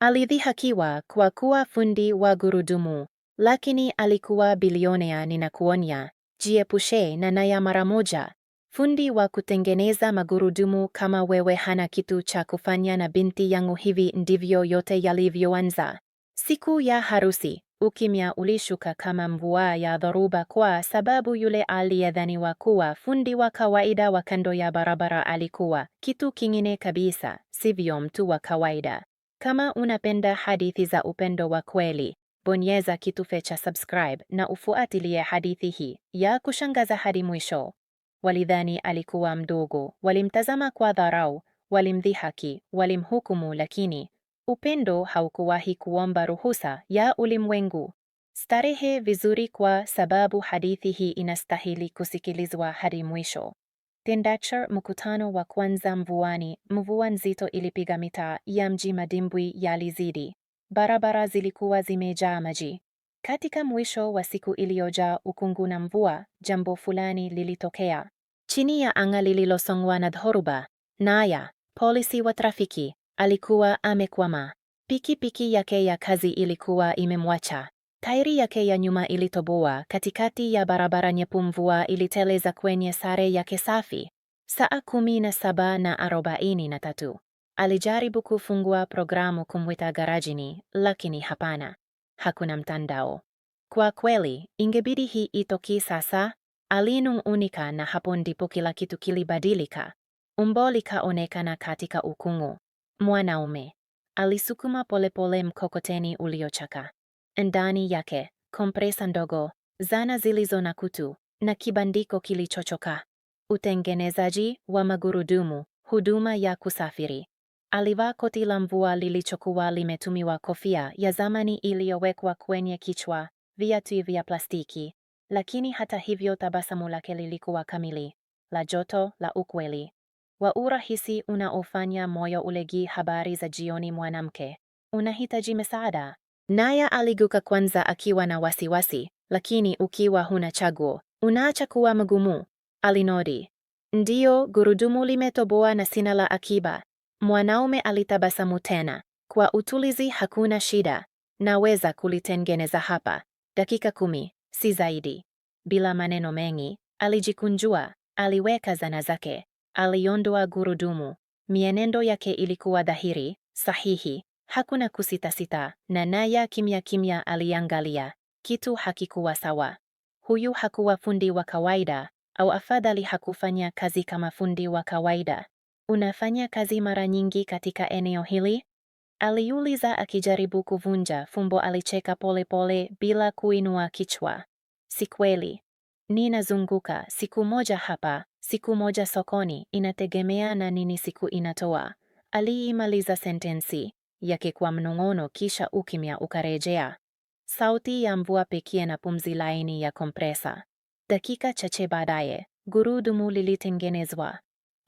Alidhihakiwa kwa kuwa fundi wa gurudumu, lakini alikuwa bilionea. Ninakuonya, jiepushe na naya mara moja. Fundi wa kutengeneza magurudumu kama wewe hana kitu cha kufanya. Na binti yangu, hivi ndivyo yote yalivyoanza. Siku ya harusi, ukimya ulishuka kama mvua ya dhoruba, kwa sababu yule aliyedhaniwa kuwa fundi wa kawaida wa kando ya barabara alikuwa kitu kingine kabisa, sivyo mtu wa kawaida. Kama unapenda hadithi za upendo wa kweli, bonyeza kitufe cha subscribe na ufuatilie hadithi hii ya kushangaza hadi mwisho. Walidhani alikuwa mdogo, walimtazama kwa dharau, walimdhihaki, walimhukumu, lakini upendo haukuwahi kuomba ruhusa ya ulimwengu. Starehe vizuri, kwa sababu hadithi hii inastahili kusikilizwa hadi mwisho. Tendachar mkutano wa kwanza mvuani. Mvua nzito ilipiga mitaa ya mji, madimbwi yalizidi, barabara zilikuwa zimejaa maji. Katika mwisho wa siku iliyojaa ukungu na mvua, jambo fulani lilitokea chini ya anga lililosongwa na dhoruba. Naya, polisi wa trafiki, alikuwa amekwama. Pikipiki yake ya kazi ilikuwa imemwacha. Tairi yake ya nyuma ilitoboa katikati ya barabara nyepumvua iliteleza kwenye sare yake safi. Saa kumi na saba na arobaini na tatu alijaribu kufungua programu kumwita garajini, lakini hapana, hakuna mtandao. Kwa kweli, ingebidi hii itoki sasa, alinung'unika, na hapo ndipo kila kitu kilibadilika. Umbo likaonekana katika ukungu. Mwanaume alisukuma polepole mkokoteni uliochaka ndani yake kompresa ndogo, zana zilizo na kutu na kibandiko kilichochoka. Utengenezaji wa magurudumu, huduma ya kusafiri. Alivaa koti la mvua lilichokuwa limetumiwa, kofia ya zamani iliyowekwa kwenye kichwa, viatu vya plastiki, lakini hata hivyo tabasamu lake lilikuwa kamili, la joto, la ukweli, wa urahisi unaofanya moyo ulegi. Habari za jioni mwanamke, unahitaji msaada? Naya aliguka kwanza akiwa na wasiwasi, lakini ukiwa huna chaguo, unaacha kuwa mgumu. Alinodi. Ndiyo, gurudumu limetoboa na sina la akiba. Mwanaume alitabasamu tena. Kwa utulizi, hakuna shida. Naweza kulitengeneza hapa, dakika kumi, si zaidi. Bila maneno mengi, alijikunjua, aliweka zana zake, aliondoa gurudumu. Mienendo yake ilikuwa dhahiri, sahihi, Hakuna kusitasita, na Naya kimya kimya aliangalia. Kitu hakikuwa sawa. Huyu hakuwa fundi wa kawaida, au afadhali hakufanya kazi kama fundi wa kawaida. Unafanya kazi mara nyingi katika eneo hili? Aliuliza akijaribu kuvunja fumbo. Alicheka polepole pole, bila kuinua kichwa. Si kweli, ninazunguka siku moja hapa, siku moja sokoni, inategemea na nini siku inatoa. Aliimaliza sentensi yake kwa mnong'ono, kisha ukimya ukarejea, sauti ya mvua pekee na pumzi laini ya kompresa. Dakika chache baadaye gurudumu lilitengenezwa.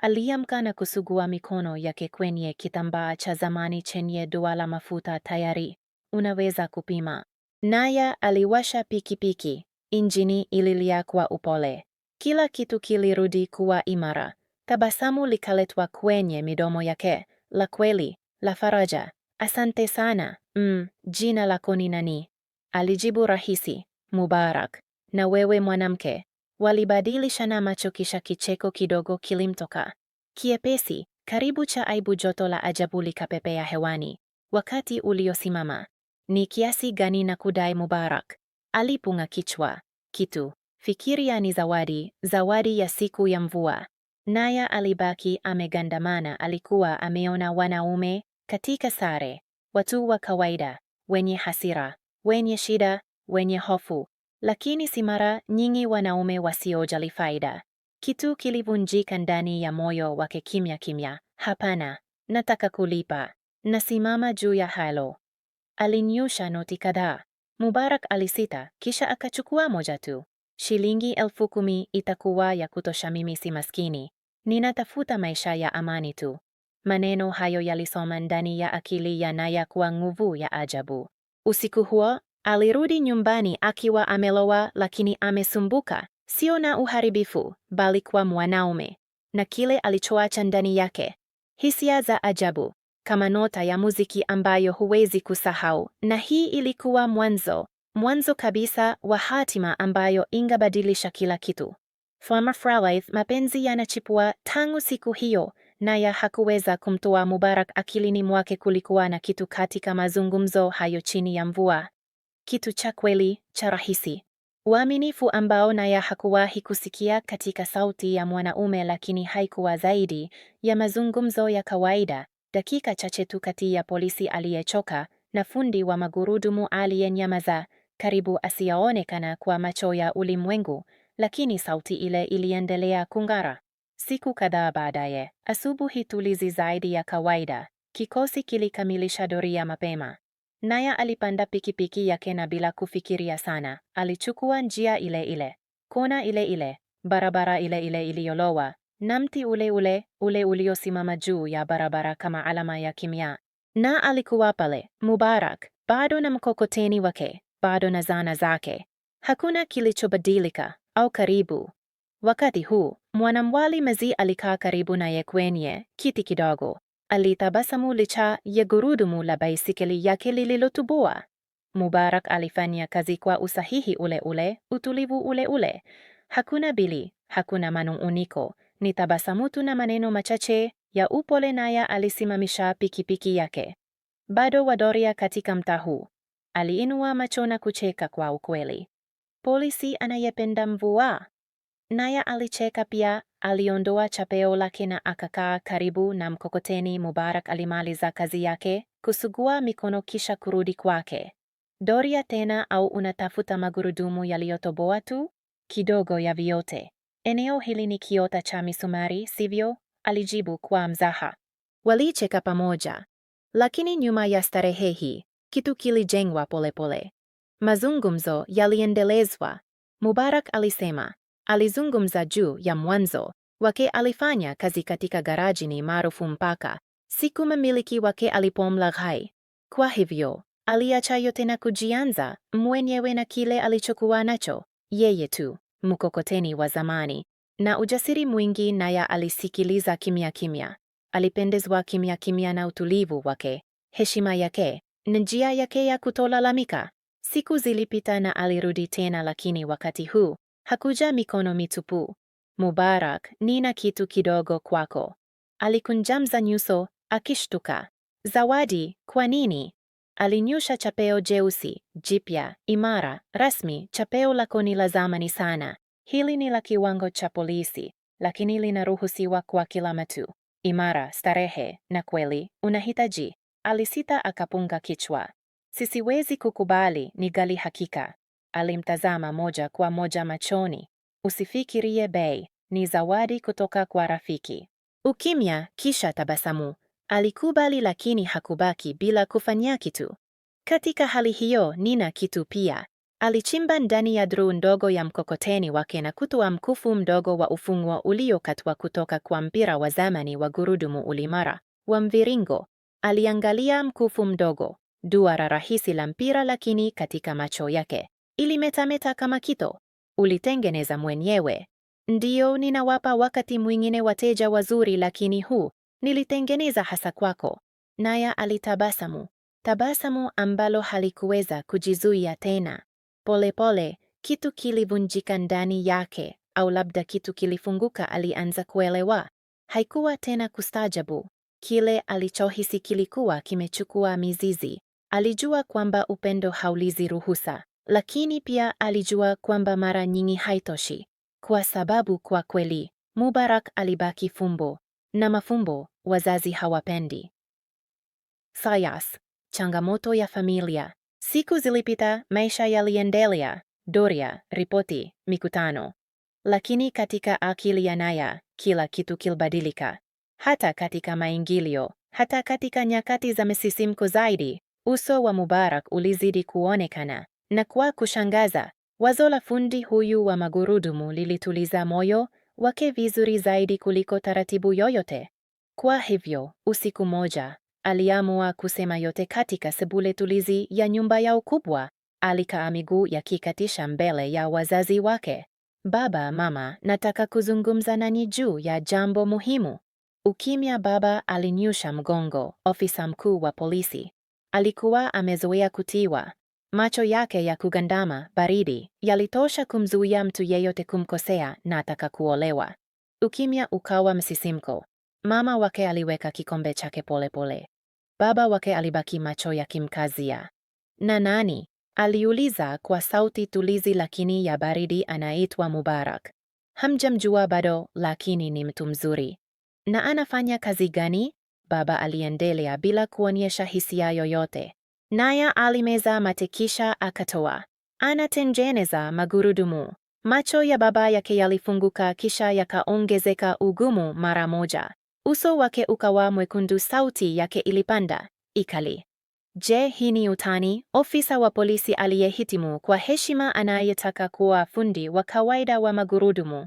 Aliamka na kusugua mikono yake kwenye kitambaa cha zamani chenye doa la mafuta. Tayari unaweza kupima. Naya aliwasha pikipiki, injini ililia kwa upole, kila kitu kilirudi kuwa imara. Tabasamu likaletwa kwenye midomo yake, la kweli, la faraja. Asante sana. Mm, jina lako ni nani? Alijibu rahisi, Mubarak. Na wewe mwanamke? Walibadilishana macho kisha kicheko kidogo kilimtoka. Kiepesi, karibu cha aibu joto la ajabu likapepea hewani. Wakati uliosimama. Ni kiasi gani na kudai Mubarak? Alipunga kichwa. Kitu. Fikiria ni zawadi, zawadi ya siku ya mvua. Naya alibaki amegandamana. Alikuwa ameona wanaume katika sare, watu wa kawaida, wenye hasira, wenye shida, wenye hofu, lakini si mara nyingi wanaume wasiojali faida. Kitu kilivunjika ndani ya moyo wake kimya kimya. Hapana, nataka kulipa, nasimama juu ya halo. Alinyusha noti kadhaa. Mubarak alisita, kisha akachukua moja tu. Shilingi elfu kumi itakuwa ya kutosha, mimi si maskini, ninatafuta maisha ya amani tu. Maneno hayo yalisoma ndani ya akili ya Naya kwa nguvu ya ajabu. Usiku huo alirudi nyumbani akiwa amelowa, lakini amesumbuka, sio na uharibifu, bali kwa mwanaume na kile alichoacha ndani yake, hisia za ajabu kama nota ya muziki ambayo huwezi kusahau. Na hii ilikuwa mwanzo, mwanzo kabisa wa hatima ambayo ingabadilisha kila kitu. Farmer Frawley, mapenzi yanachipua tangu siku hiyo naye hakuweza kumtoa Mubarak akilini mwake. Kulikuwa na kitu katika mazungumzo hayo chini ya mvua, kitu cha kweli cha rahisi, uaminifu ambao naye hakuwahi kusikia katika sauti ya mwanaume. Lakini haikuwa zaidi ya mazungumzo ya kawaida, dakika chache tu kati ya polisi aliyechoka na fundi wa magurudumu aliyenyamaza karibu asiyaonekana kwa macho ya ulimwengu, lakini sauti ile iliendelea kung'ara. Siku kadhaa baadaye, asubuhi tulizi zaidi ya kawaida, kikosi kilikamilisha doria mapema. Naya alipanda pikipiki yake na bila kufikiria sana, alichukua njia ile ile, kona ile ile, barabara ile ile iliyolowa, na mti ule ule, ule uliosimama juu ya barabara kama alama ya kimya. Na alikuwa pale, Mubarak, bado na mkokoteni wake, bado na zana zake. Hakuna kilichobadilika, au karibu. Wakati huu mwanamwali Mezi alikaa karibu naye kwenye kiti kidogo. Alitabasamu licha ya gurudumu la baisikeli yake lililotubua. Mubarak alifanya kazi kwa usahihi ule ule, utulivu ule ule. Hakuna bili, hakuna manung'uniko, ni tabasamu tu na maneno machache ya upole. Naye alisimamisha pikipiki yake. Bado wadoria katika mtaa huu. Aliinua macho na kucheka kwa ukweli. Polisi anayependa mvua Naya alicheka pia. Aliondoa chapeo lake na akakaa karibu na mkokoteni. Mubarak alimaliza kazi yake, kusugua mikono kisha kurudi kwake. Doria tena au unatafuta magurudumu yaliyotoboa tu? Kidogo ya vyote. Eneo hili ni kiota cha misumari, sivyo? Alijibu kwa mzaha. Walicheka pamoja, lakini nyuma ya starehe hii kitu kilijengwa polepole. Mazungumzo yaliendelezwa. Mubarak alisema Alizungumza juu ya mwanzo wake alifanya kazi katika ni maarufu mpaka siku mmiliki wake alipomlaghai. Kwa hivyo aliacha yote na kujianza mwenyewe na kile alichokuwa nacho yeye tu, mkokoteni wa zamani na ujasiri mwingi. Naye alisikiliza kimya kimya, alipendezwa kimya kimya na utulivu wake, heshima yake na njia yake ya kutolalamika. Siku zilipita na alirudi tena, lakini wakati huu Hakuja mikono mitupu. Mubarak, nina kitu kidogo kwako. Alikunjamza nyuso akishtuka. Zawadi, kwa nini? Alinyusha chapeo jeusi jipya, imara, rasmi. Chapeo lako ni la zamani sana. Hili ni la kiwango cha polisi, lakini linaruhusiwa kwa kila mtu. Imara, starehe na kweli. Unahitaji? Alisita, akapunga kichwa. Sisiwezi kukubali, ni gali hakika. Alimtazama moja kwa moja machoni. Usifikirie bei, ni zawadi kutoka kwa rafiki. Ukimya, kisha tabasamu. Alikubali, lakini hakubaki bila kufanya kitu. Katika hali hiyo, Nina kitu pia. Alichimba ndani ya druu ndogo ya mkokoteni wake na kutoa mkufu mdogo wa ufungwa uliokatwa kutoka kwa mpira wa zamani wa gurudumu ulimara wa mviringo. Aliangalia mkufu mdogo, duara rahisi la mpira, lakini katika macho yake ilimetameta kama kito, ulitengeneza mwenyewe. ndio ninawapa wakati mwingine wateja wazuri, lakini huu nilitengeneza hasa kwako. Naya alitabasamu, tabasamu ambalo halikuweza kujizuia tena. Polepole pole, kitu kilivunjika ndani yake, au labda kitu kilifunguka. Alianza kuelewa, haikuwa tena kustajabu. Kile alichohisi kilikuwa kimechukua mizizi. Alijua kwamba upendo haulizi ruhusa, lakini pia alijua kwamba mara nyingi haitoshi, kwa sababu kwa kweli Mubarak alibaki fumbo, na mafumbo wazazi hawapendi. Sayas, changamoto ya familia. Siku zilipita, maisha yaliendelea, doria, ripoti, mikutano. Lakini katika akili ya Naya kila kitu kilibadilika, hata katika maingilio, hata katika nyakati za misisimko zaidi. Uso wa Mubarak ulizidi kuonekana, na kwa kushangaza, wazo la fundi huyu wa magurudumu lilituliza moyo wake vizuri zaidi kuliko taratibu yoyote. Kwa hivyo, usiku moja, aliamua kusema yote katika sebule tulizi ya nyumba yao kubwa. Alikaa miguu yakikatisha mbele ya wazazi wake. Baba, mama, nataka kuzungumza nanyi juu ya jambo muhimu. Ukimya. Baba alinyusha mgongo ofisa mkuu wa polisi. Alikuwa amezoea kutiwa, Macho yake ya kugandama baridi yalitosha kumzuia mtu yeyote kumkosea na ataka kuolewa. Ukimya ukawa msisimko. Mama wake aliweka kikombe chake polepole pole. Baba wake alibaki macho yakimkazia. Na nani? aliuliza kwa sauti tulizi lakini ya baridi. Anaitwa Mubarak. Hamjamjua bado, lakini ni mtu mzuri. Na anafanya kazi gani? Baba aliendelea bila kuonyesha hisia yoyote. Naya alimeza matekisha akatoa. Anatengeneza magurudumu. Macho ya baba yake yalifunguka kisha yakaongezeka ugumu mara moja. Uso wake ukawa mwekundu, sauti yake ilipanda ikali. Je, hii ni utani? Ofisa wa polisi aliyehitimu kwa heshima anayetaka kuwa fundi wa kawaida wa magurudumu.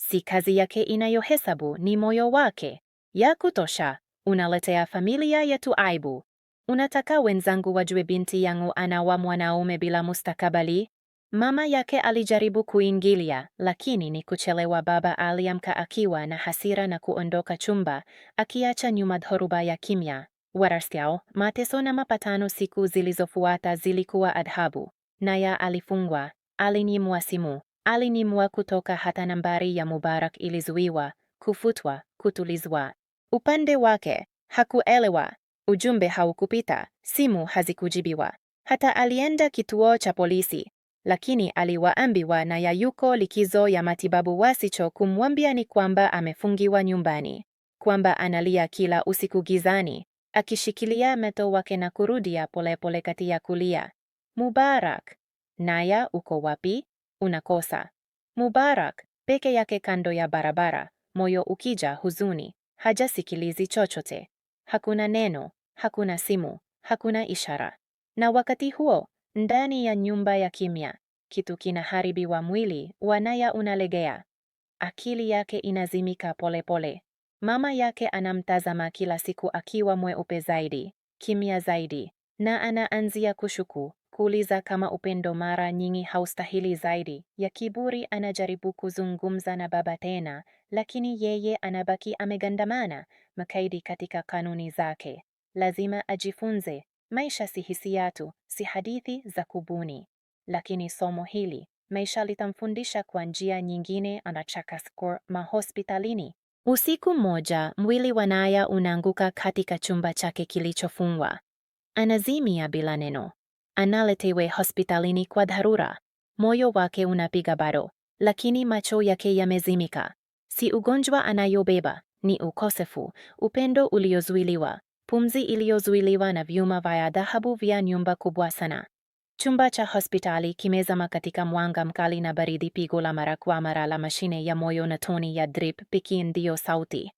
Si kazi yake inayohesabu, ni moyo wake. Ya kutosha, unaletea familia yetu aibu. Unataka wenzangu wajue binti yangu anawa mwanaume bila mustakabali? Mama yake alijaribu kuingilia, lakini ni kuchelewa. Baba aliamka akiwa na hasira na kuondoka chumba, akiacha nyuma dhoruba ya kimya. Warasyao, mateso na mapatano siku zilizofuata zilikuwa adhabu. Naya alifungwa, alinyimwa simu, alinyimwa kutoka, hata nambari ya Mubarak ilizuiwa, kufutwa, kutulizwa. Upande wake hakuelewa. Ujumbe haukupita, simu hazikujibiwa. Hata alienda kituo cha polisi, lakini aliwaambiwa na yayuko likizo ya matibabu. Wasicho kumwambia ni kwamba amefungiwa nyumbani, kwamba analia kila usiku gizani, akishikilia meto wake na kurudia polepole kati ya kulia, Mubarak, Naya, uko wapi? Unakosa. Mubarak peke yake kando ya barabara, moyo ukija huzuni, hajasikilizi chochote. Hakuna neno, hakuna simu, hakuna ishara. Na wakati huo, ndani ya nyumba ya kimya, kitu kinaharibiwa mwili, wanaya unalegea. Akili yake inazimika polepole pole. Mama yake anamtazama kila siku akiwa mweupe zaidi, kimya zaidi, na anaanzia kushuku, kuuliza kama upendo mara nyingi haustahili zaidi ya kiburi. Anajaribu kuzungumza na baba tena, lakini yeye anabaki amegandamana, mkaidi katika kanuni zake. Lazima ajifunze, maisha si hisia tu, si hadithi za kubuni. Lakini somo hili maisha litamfundisha kwa njia nyingine. Anachakaskor mahospitalini. Usiku mmoja, mwili wa Naya unaanguka katika chumba chake kilichofungwa. Anazimia bila neno. Analetewe hospitalini kwa dharura. Moyo wake unapiga bado, lakini macho yake yamezimika. Si ugonjwa anayobeba, ni ukosefu, upendo uliozuiliwa, pumzi iliyozuiliwa na vyuma vya dhahabu vya nyumba kubwa sana. Chumba cha hospitali kimezama katika mwanga mkali na baridi. Pigo la mara kwa mara la mashine ya moyo na toni ya drip piki ndiyo sauti.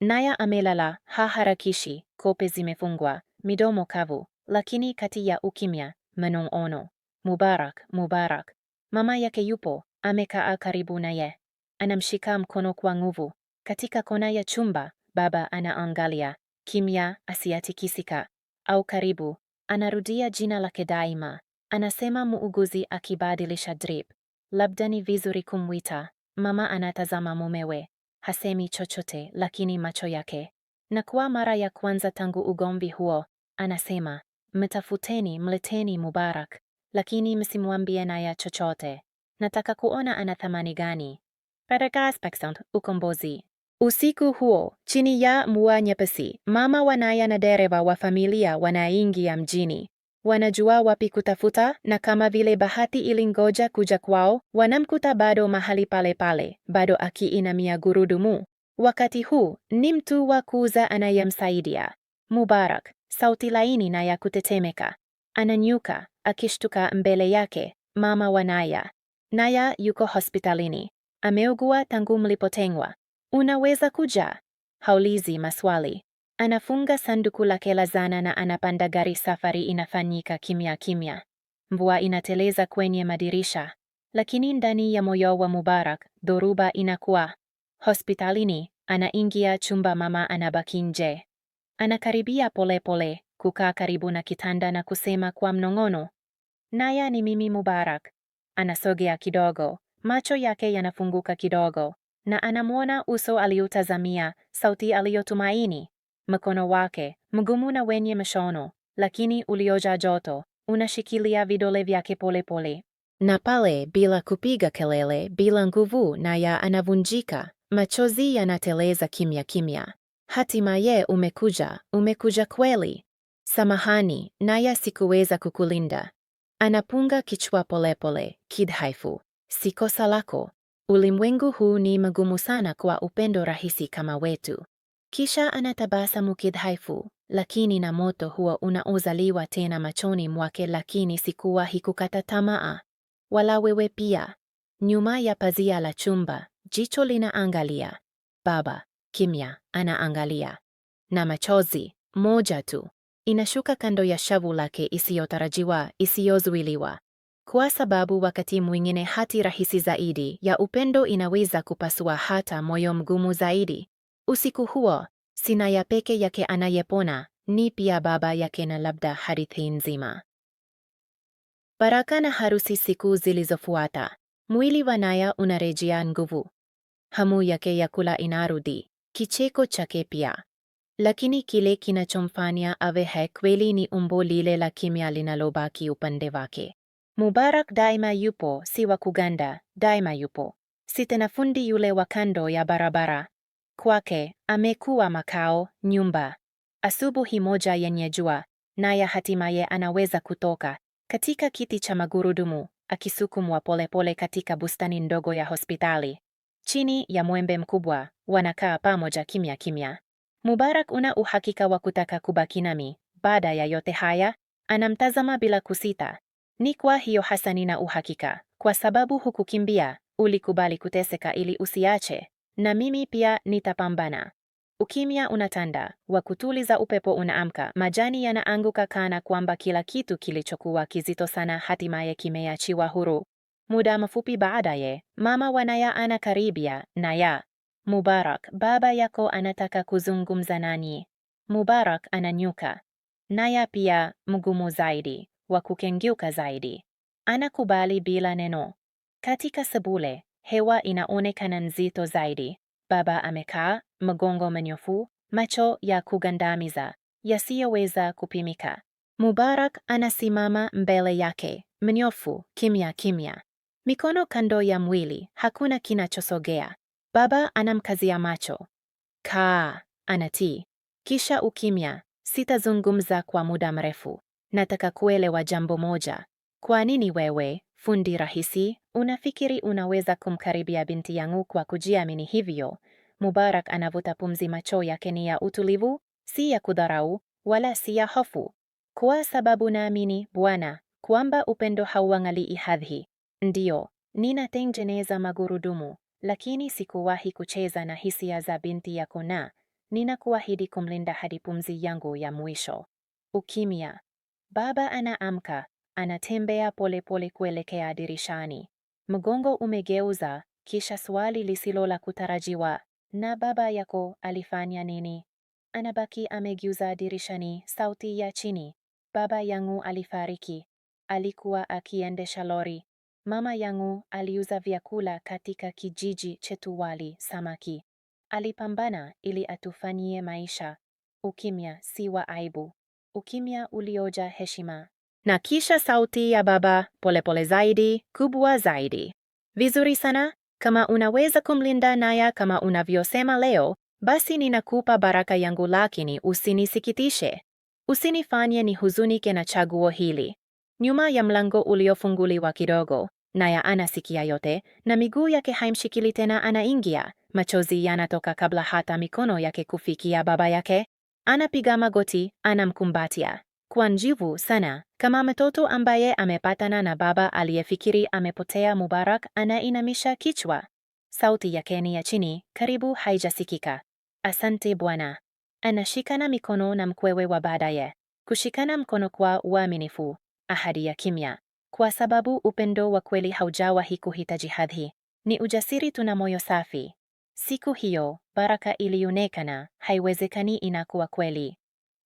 Naya amelala, haharakishi, kope zimefungwa, midomo kavu, lakini kati ya ukimya manong'ono. Mubarak, Mubarak. Mama yake yupo amekaa karibu naye, anamshika mkono kwa nguvu, katika kona ya chumba, baba anaangalia kimya, asiatikisika au karibu. Anarudia jina lake daima, anasema muuguzi akibadilisha drip. Labda ni vizuri kumwita. Mama anatazama mumewe, hasemi chochote, lakini macho yake. Na kwa mara ya kwanza tangu ugomvi huo, anasema mtafuteni, mleteni Mubarak, lakini msimwambie naye chochote. Nataka kuona ana thamani gani. Ukombozi. Usiku huo, chini ya mvua nyepesi, mama wa Naya na dereva wa familia wanaingia mjini. Wanajua wapi kutafuta, na kama vile bahati ilingoja kuja kwao, wanamkuta bado mahali pale pale, bado akiinamia gurudumu. Wakati huu ni mtu wa kuuza anayemsaidia Mubarak, sauti laini na ya kutetemeka. Ananyuka akishtuka mbele yake mama wa Naya. Naya yuko hospitalini, ameugua tangu mlipotengwa. Unaweza kuja? Haulizi maswali. Anafunga sanduku lake la zana na anapanda gari. Safari inafanyika kimya kimya. Mvua inateleza kwenye madirisha, lakini ndani ya moyo wa Mubarak dhoruba inakuwa. Hospitalini anaingia chumba, mama anabaki nje. Anakaribia polepole pole, kukaa karibu na kitanda na kusema kwa mnong'ono, Naya, ni mimi Mubarak. Anasogea kidogo, macho yake yanafunguka kidogo na anamwona uso aliotazamia, sauti aliyotumaini, mkono wake mgumu na wenye mshono lakini uliojaa joto unashikilia vidole vyake polepole, na pale, bila kupiga kelele, bila nguvu, ya anavunjika, machozi yanateleza kimya kimya. Hatimaye umekuja, umekuja kweli, samahani, naya sikuweza kukulinda. Anapunga kichwa polepole, kidhaifu, si kosa lako, Ulimwengu huu ni magumu sana kwa upendo rahisi kama wetu. Kisha anatabasamu kidhaifu, lakini na moto huo unaozaliwa tena machoni mwake. Lakini sikuwahi kukata tamaa, wala wewe pia. Nyuma ya pazia la chumba, jicho linaangalia. Baba kimya anaangalia, na machozi moja tu inashuka kando ya shavu lake, isiyotarajiwa, isiyozuiliwa kwa sababu wakati mwingine hati rahisi zaidi ya upendo inaweza kupasua hata moyo mgumu zaidi. Usiku huo, Sinaya peke yake anayepona ni pia baba yake na labda hadithi nzima. Baraka na harusi. Siku zilizofuata, mwili wa Naya unarejea nguvu, hamu yake ya kula inarudi, kicheko chake pia. Lakini kile kinachomfanya awe hai kweli ni umbo lile la kimya linalobaki upande wake. Mubarak daima yupo, si wa kuganda, daima yupo. Si tena fundi yule wa kando ya barabara. Kwake amekuwa makao, nyumba. Asubuhi moja yenye jua, naye hatimaye anaweza kutoka katika kiti cha magurudumu akisukumwa polepole katika bustani ndogo ya hospitali. Chini ya mwembe mkubwa wanakaa pamoja kimya kimya. Mubarak, una uhakika wa kutaka kubaki nami baada ya yote haya? Anamtazama bila kusita. Ni kwa hiyo hasa nina uhakika, kwa sababu hukukimbia, ulikubali kuteseka ili usiache, na mimi pia nitapambana. Ukimya unatanda, wa kutuliza upepo unaamka, majani yanaanguka kana kwamba kila kitu kilichokuwa kizito sana hatimaye kimeachiwa huru. Muda mfupi baadaye, mama wa Naya anakaribia. Naya, Mubarak, baba yako anataka kuzungumza nanyi. Mubarak ananyuka. Naya pia mgumu zaidi wa kukengeuka zaidi. Anakubali bila neno. Katika sebule, hewa inaonekana nzito zaidi. Baba amekaa, mgongo mnyofu, macho ya kugandamiza yasiyoweza kupimika. Mubarak anasimama mbele yake, mnyofu, kimya kimya, mikono kando ya mwili, hakuna kinachosogea. Baba anamkazia macho. Kaa, anatii. Kisha ukimya. Sitazungumza kwa muda mrefu. Nataka kuelewa jambo moja. Kwa nini wewe, fundi rahisi, unafikiri unaweza kumkaribia binti yangu kwa kujiamini hivyo? Mubarak anavuta pumzi, macho yake ni ya utulivu, si ya kudharau wala si ya hofu. Kwa sababu naamini, bwana, kwamba upendo hauangalii hadhi. Ndiyo, ninatengeneza magurudumu, lakini sikuwahi kucheza na hisia za binti yako, na ninakuahidi kumlinda hadi pumzi yangu ya mwisho. Ukimya Baba anaamka, anatembea polepole kuelekea dirishani. Mgongo umegeuza, kisha swali lisilo la kutarajiwa, na baba yako alifanya nini? Anabaki amegiuza dirishani, sauti ya chini. Baba yangu alifariki. Alikuwa akiendesha lori. Mama yangu aliuza vyakula katika kijiji chetu, wali, samaki. Alipambana ili atufanyie maisha. Ukimya si wa aibu ukimya ulioja heshima. Na kisha sauti ya baba, polepole pole zaidi, kubwa zaidi. Vizuri sana, kama unaweza kumlinda Naya kama unavyosema leo, basi ninakupa baraka yangu, lakini usinisikitishe. Usinifanye ni huzunike na chaguo hili. Nyuma ya mlango uliofunguliwa kidogo, Naya anasikia yote na miguu yake haimshikili tena, anaingia. Machozi yanatoka kabla hata mikono yake kufikia baba yake. Anapiga magoti, anamkumbatia kwa njivu sana, kama mtoto ambaye amepatana na baba aliyefikiri amepotea. Mubarak anainamisha kichwa, sauti yake ni ya chini, karibu haijasikika. Asante bwana. Anashikana mikono na mkwewe wa baadaye, kushikana mkono kwa uaminifu, ahadi ya kimya, kwa sababu upendo wa kweli haujawahi kuhitaji hadhi, ni ujasiri. Tuna moyo safi. Siku hiyo baraka ilionekana, haiwezekani inakuwa kweli.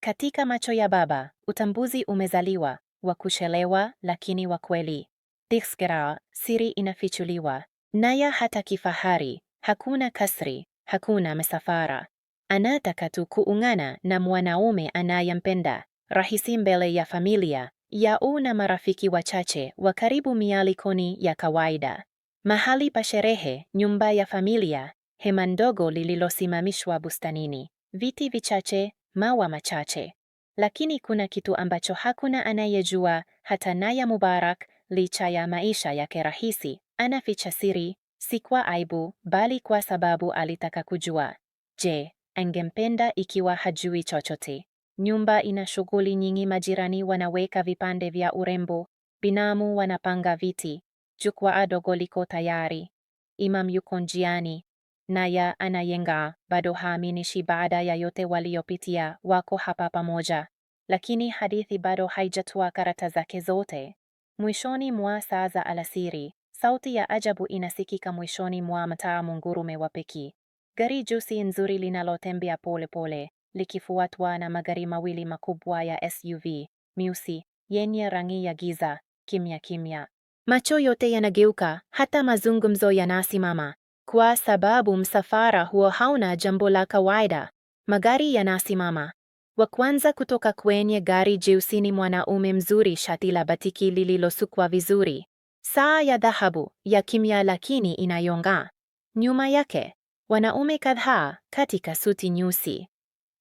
Katika macho ya baba, utambuzi umezaliwa, wa kuchelewa lakini wa kweli. Dijkstra, siri inafichuliwa. Naya hata kifahari, hakuna kasri, hakuna msafara. Anataka tu kuungana na mwanaume anayempenda, rahisi mbele ya familia, yao na marafiki wachache wa karibu mialikoni ya kawaida. Mahali pa sherehe, nyumba ya familia, hema ndogo lililosimamishwa bustanini, viti vichache, mawa machache. Lakini kuna kitu ambacho hakuna anayejua, hata Naya Mubarak, licha ya maisha yake rahisi. Anaficha siri, si kwa aibu, bali kwa sababu alitaka kujua. Je, angempenda ikiwa hajui chochote? Nyumba ina shughuli nyingi. Majirani wanaweka vipande vya urembo, binamu wanapanga viti, jukwaa dogo liko tayari, Imam yuko njiani, na ya bado haaminishi baada ya yote waliopitia, wako hapa pamoja, lakini hadithi bado haijatoa karata zake zote. Mwishoni mwa saa za alasiri, sauti ya ajabu inasikika mwishoni mwa mtaa mungurume wa peki. Gari jusi nzuri linalotembea polepole likifuatwa na magari mawili makubwa ya SUV miusi yenye rangi ya giza. Kimya kimya, macho yote yanageuka, hata mazungumzo yanasimama. Kwa sababu msafara huo hauna jambo la kawaida, magari yanasimama. Wa kwanza kutoka kwenye gari jeusi ni mwanaume mzuri, shati la batiki lililosukwa vizuri, saa ya dhahabu ya kimya lakini inayong'aa. Nyuma yake wanaume kadhaa katika suti nyeusi.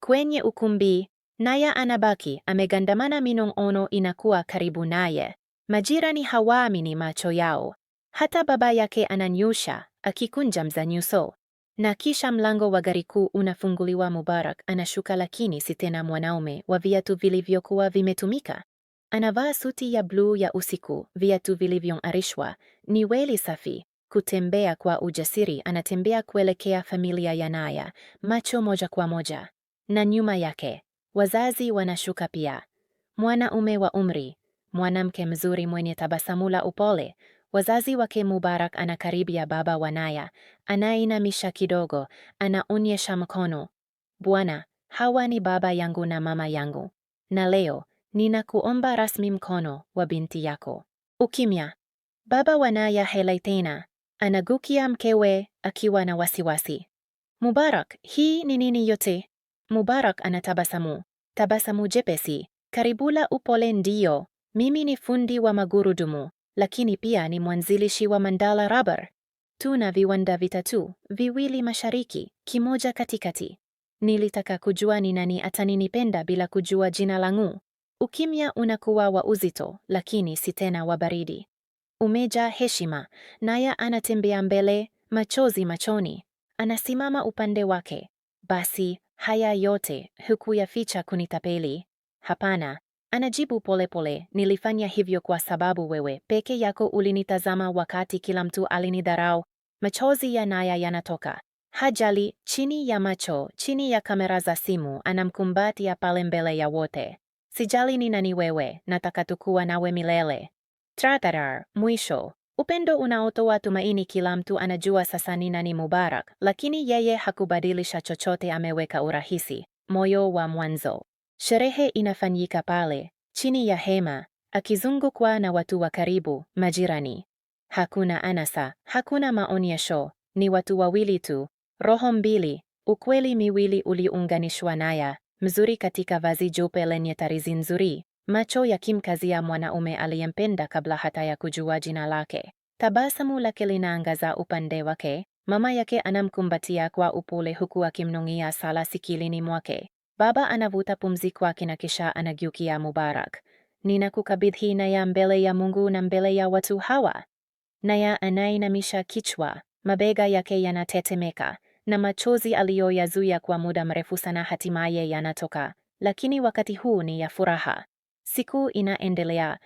Kwenye ukumbi Naya anabaki amegandamana, minong'ono inakuwa karibu naye. Majirani hawaamini macho yao, hata baba yake ananyusha akikunja mzani uso, na kisha mlango wa gari kuu unafunguliwa. Mubarak anashuka, lakini si tena mwanaume wa viatu vilivyokuwa vimetumika. Anavaa suti ya bluu ya usiku, viatu vilivyong'arishwa, weli safi, kutembea kwa ujasiri. Anatembea kuelekea familia ya Naya, macho moja kwa moja, na nyuma yake wazazi wanashuka pia. Mwanaume wa umri, mwanamke mzuri mwenye tabasamu la upole, Wazazi wake Mubarak anakaribia baba wa Naya, anainamisha kidogo, anaonyesha mkono. Bwana, hawa ni baba yangu na mama yangu, na leo ninakuomba rasmi mkono wa binti yako. Ukimya. Baba wa Naya helai tena, anagukia mkewe akiwa na wasiwasi. Mubarak, hii ni nini yote? Mubarak anatabasamu, tabasamu jepesi, karibu la upole. Ndiyo, mimi ni fundi wa magurudumu, lakini pia ni mwanzilishi wa Mandala Rubber. Tuna viwanda vitatu, viwili mashariki, kimoja katikati. Nilitaka kujua ni nani ataninipenda bila kujua jina langu. Ukimya unakuwa wa uzito, lakini si tena wa baridi. Umeja heshima, naye anatembea mbele, machozi machoni. Anasimama upande wake. Basi haya yote hukuyaficha kunitapeli. Hapana, Anajibu polepole, nilifanya hivyo kwa sababu wewe peke yako ulinitazama wakati kila mtu alinidharau. Machozi ya naya yanatoka. Hajali, chini ya macho, chini ya kamera za simu, anamkumbatia pale mbele ya wote. Sijali ni nani wewe, nataka tukuwa nawe milele. Tratarar, mwisho. Upendo unaotoa tumaini. Kila mtu anajua sasa ni nani Mubarak, lakini yeye hakubadilisha chochote. Ameweka urahisi, moyo wa mwanzo. Sherehe inafanyika pale, chini ya hema, akizungukwa na watu wa karibu, majirani. Hakuna anasa, hakuna maonyesho, ni watu wawili tu, roho mbili, ukweli miwili uliunganishwa naya, mzuri katika vazi jeupe lenye tarizi nzuri, macho yakimkazia mwanaume aliyempenda kabla hata ya kujua jina lake. Tabasamu lake linaangaza upande wake, mama yake anamkumbatia kwa upole huku akimnung'ia sala sikilini mwake. Baba anavuta pumzi kwake na kisha anageukia Mubarak. nina Ninakukabidhi Naya mbele ya Mungu na mbele ya watu hawa. Naya anainamisha kichwa, mabega yake yanatetemeka na machozi aliyoyazuia kwa muda mrefu sana hatimaye yanatoka, lakini wakati huu ni ya furaha. Siku inaendelea